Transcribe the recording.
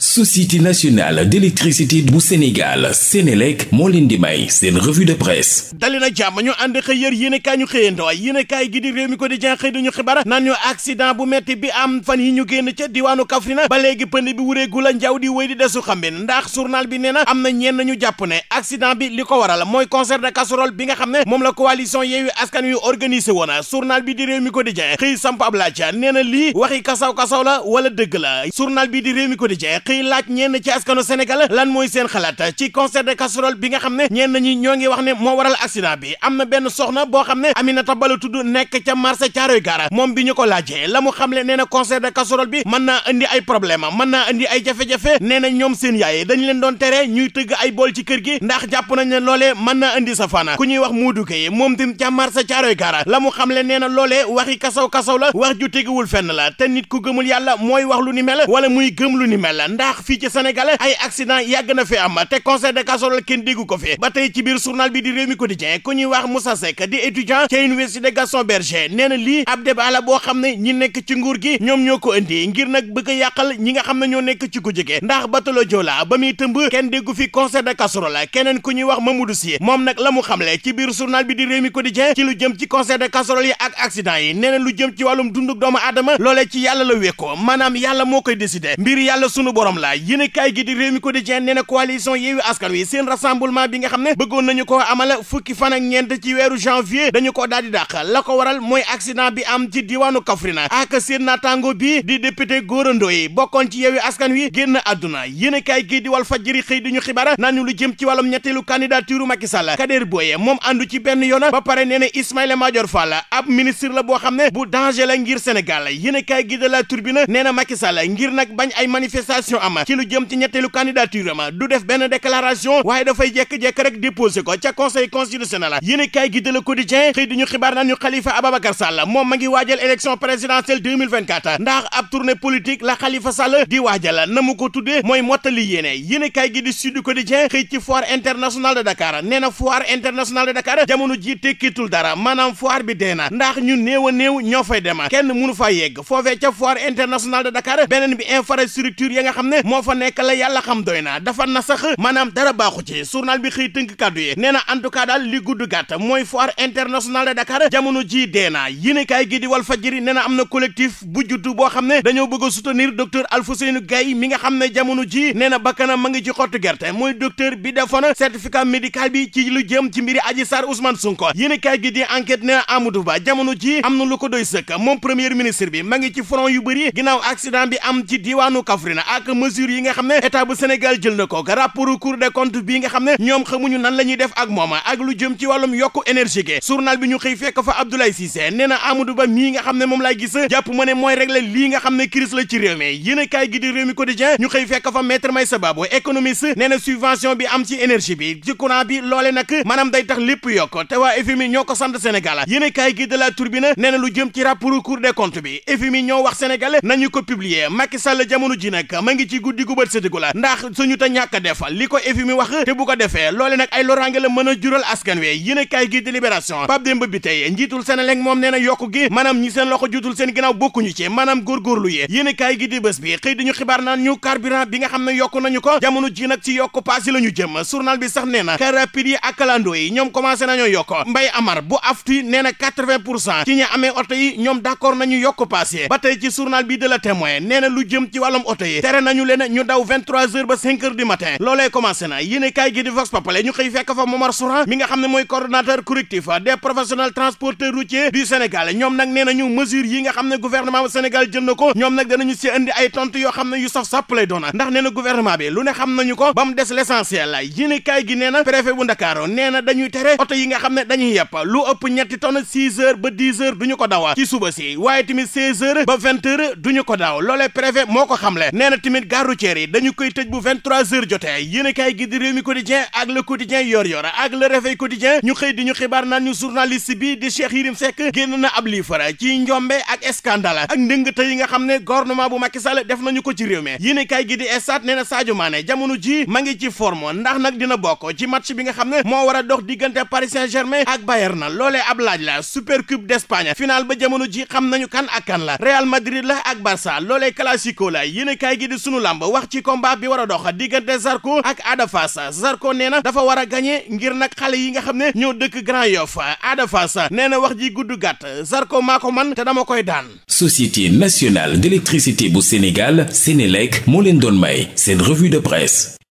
société nationale d'électricité bu Sénégal Sénélec moo leen di may seen revue de presse dali na jàmm ñu ànd xëy yër yéen kaay ñu xëyandoo yéen kaa kaay gi di réew mi ko di jenxëy dañu xibaar naan ñu accident bu metti bi am fan yi ñu génn ca diwaanu Kaffrine ba léegi pënd bi wureegu la njaw di wéy di desu xambin ndax journal bi nee na am na ñeen ñu jàpp ne accident bi li ko waral mooy concert de casserole bi nga xam ne moom la coalition Yewwi Askan Wi organisé woon journal bi di réew mi ko di jen xëy samp ab laaj nee lii waxi kasaw-kasaw wala dëgg la journal bi di réew mi di jen xëy laaj ñenn ci askanu Sénégal lan mooy seen xalaat ci concert de casserole bi nga xam ne ñenn ñi ñoo ngi wax ne moo waral accident bi am na benn soxna boo xam ne Aminata Ba la tudd nekk ca marché Thiaroye Gare moom bi ñu ko laajee la mu le nee na concert de casserole bi mën naa indi ay problème mën naa indi ay jafe-jafe nee na ñoom seen yaay dañu leen doon tere ñuy tëgg ay bool ci kër gi ndax jàpp nañ ne loolee mën naa indi sa faana ku ñuy wax Moodu Gueye moom tim ca marché Thiaroye Gare la mu xamle nee na loolee waxi kasaw kasaw la wax ju teguwul fenn la te nit ku gëmul yàlla mooy wax lu ni mel wala muy gëm lu ni mel ndax fii ci Sénégal ay accident yàgg na fi am ma te concert de casserole kenn déggu ko fi ba tey ci biir journal bi di Rewmi Quotidien ku ñuy wax musa Seck di étudiant ci université Gaston Berger nee na lii ab débat boo xam ne ñi nekk ci nguur gi ñoom ñoo ko indi ngir nag bëgg a yàqal ñi nga xam ne ñoo nekk ci ku jege ndax Batolo Joola ba muy tëmb kenn déggu fi concert de casserole keneen ku ñuy wax Mamadou Sy moom nag la mu xamle ci biir journal bi di Rewmi Quotidien ci lu jëm ci concert de yi ak accident yi nee lu jëm ci wàllum dunduk doomu aadama loolee ci yàlla la wékkoo maanaam yàlla moo koy décider mbir yàlla sunu borom morom la yéenekaay gi di Rewmi Quotidien nee na coalition Yewwi Askan Wi seen rassemblement bi nga xam ne bëggoon nañu ko amala fukki fan ak ñeent ci weeru janvier dañu ko daal di dàq la ko waral mooy accident bi am ci diwaanu Kaffrine ak seen naataango bi di député Gora Ndoye bokkoon ci Yewwi Askan Wi génn àdduna yéenekaay gi di Walf Fadjri xëy di ñu xibaar naan ñu lu jëm ci wàllum ñetteelu candidature Macky Sall Kader Boye moom àndu ci benn yoon ba pare nee na Ismaïla la boo xam bu danger la ngir Sénégal yéenekaay gi de La Tribune nee na Macky Sall ngir nag bañ ay manifestation am ci lu jëm ci ñetteelu candidature am du def benn déclaration waaye dafay jekk-jekk rek déposé ko ca conseil constitutionnel yéen i kaay gi de Le Quotidien xëy di ñu xibaar naan ñu Khalifa Ababacar Sall moom ma ngi waajal élection présidentielle 2024 ndax ab tournée politique la Khalifa Sall di waajal na mu ko mooy mottali yéene yéen i kaay gi di Sud Quotidien xëy ci foire internationale de Dakar nee na foire internationale de Dakar jamono ji dara maanaam foire ñu néew a néew ñoo fay dem kenn mënu fa yegg foofee ca foire internationale de Dakar beneen bi infrastructure ya nga xam ne moo fa nekk la yàlla xam doy na dafa na sax maanaam dara baaxu ci journal bi xëy tënk kàddu yi nee na en tout cas daal li gudd gàtt mooy foire internationale de Dakar jamono ji dee na yéenekaay gi di Walf Fadjri nee na am na collectif bu juddu boo xam ne dañoo bëgg a soutenir docteur Alfouseynou Gaye mi nga xam ne jamono ji nee na bakkanam ma ngi ci xottu gerte mooy docteur bi defoon certificat médical bi ci lu jëm ci mbiri Adji Sarr Ousmane Sonko yéenekaay gi di enquête nee na jamono ji am na lu ko doy moom premier ministre bi ma ngi ci front yu bëri ginnaaw accident bi am ci diwaanu Kaffrine ak ak mesures yi nga xam ne état bu jël na ko rapport Cour des comptes bi nga xam ne ñoom xamuñu nan la ñuy def ak moom ak lu jëm ci wàllum yokku énergie gi journal bi ñu xëy fekk fa Abdoulaye Cissé nee na Amadou Ba mii nga xam ne moom laay gis jàpp ma ne mooy régler lii nga xam ne crise la ci réew mi yéen a kaay gi di réew mi quotidien ñu xëy fekk fa maître Maysa Babou économiste nee na subvention bi am ci énergie bi ci courant bi loole nag maanaam day tax lépp yokk te waa FMI ñoo ko sant Sénégal yéen a kaay gi de la Tribune nee na lu jëm ci rapport Cour des comptes bi FMI ñoo wax Sénégal nañu ko publier Macky Sall jamono ji nag ma ngi ci guddi ndax suñu te ñàkk a li ko FMI wax te bu ko defee loole nag ay loraange la mën a jural askan wi yéen a gi délibération Pape Demba bi tey njiitul Senelec moom nee yokk gi maanaam ñi seen loxo juutul seen ginnaaw bokkuñu ci maanaam góorgóorlu yee yéen a kaay gi di bés bi xëy diñu xibaar naan ñu carburant bi nga xam ne yokk nañu ko jamono ji nag ci yokk paas yi la jëm journal bi sax nee na ak kalandoo yi ñoom commencé nañoo yokk nañu leen ñu daw 23 ba 5 du matin loolee commencé na yéene kaay gi di Vox Populi ñu xëy fekk fa Momar Souran mi nga xam ne mooy coordonnateur correctif des professionnels transporteurs routiers du Sénégal ñoom nag nee nañu mesure yi nga xam ne gouvernement Sénégal jël na ko ñoom nag danañu si indi ay tontu yoo xam ne yu saf sàpp lay doona ndax nee na bi lu ne xam nañu ko ba mu des l'essentiel yéene yi ne dañuy yepp lu ëpp ñetti tonnes 6 tamit gare routière yi dañu koy tëj bu 23 heures jotee yéenekaay gi di Rewmi Quotidien ak Le Quotidien Yor Yor ak Le Réveil Quotidien ñu xëy di ñu xibaar naan ñu bi di Cheikh Yérim Seck génn na ab liifara ci njombe ak scandale ak ndëngte yi nga xam ne gouvernement bu Macky def nañu ko ci réew mi yéenekaay gi di Stades nee na Sadio jamono ji ma ci forme ndax nag dina bokk ci match bi nga xam ne moo war a dox diggante Paris germain ak Bayern na ab la sunu làmb wax ci komba bi war a dox diggante Zarko ak Ada Fass Zarko nee na dafa war a gagné ngir nag xale yi nga xam ne ñoo dëkk Grand Yoff Ada nee na wax ji gudd gàtt Zarko maa ko man te dama koy daan. Société nationale d'électricité bu Sénégal Sénélec moo leen doon may seen revue de presse.